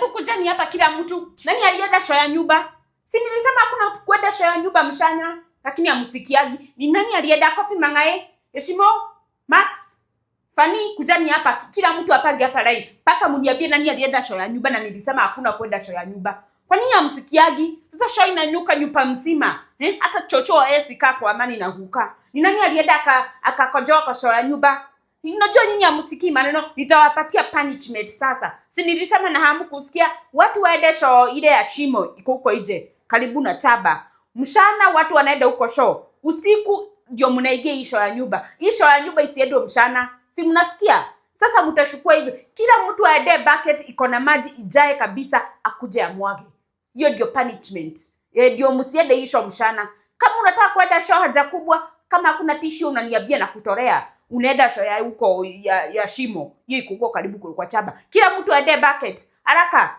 hebu ni hapa kila mtu. Nani alienda shoya nyumba? Si nilisema hakuna kwenda shoya nyumba mshanya, lakini amsikiagi. Ni nani alienda kopi mangae? Heshimo, Max, Fani, kujani hapa kila mtu apage hapa line. Paka mniambie nani alienda shoya nyumba na nilisema hakuna kwenda shoya nyumba. Kwa nini amsikiagi? Sasa shoya inanyuka nyumba mzima. Eh? Hata chochoo esi sikaa kwa amani na huka. Ni nani alienda akakojoa aka kwa shoya nyumba? Najua nyinyi hamsikii maneno, nitawapatia punishment sasa. Si nilisema na hamu kusikia watu waende show ile ya Shimo iko huko nje karibu na Taba. Mshana watu wanaenda huko show. Usiku ndio mnaingia hii show ya nyumba. Hii show ya nyumba isiende mshana. Si mnasikia? Sasa mtashukua hivyo. Kila mtu aende bucket iko na maji ijae kabisa akuje amwage. Hiyo ndio punishment. Ye ndio msiende hii show mshana. Kama unataka kwenda show haja kubwa, kama hakuna tissue unaniambia na kutorea unaenda huko ya, ya shimo yiko huko karibu kwa chaba, kila mtu aende bucket haraka.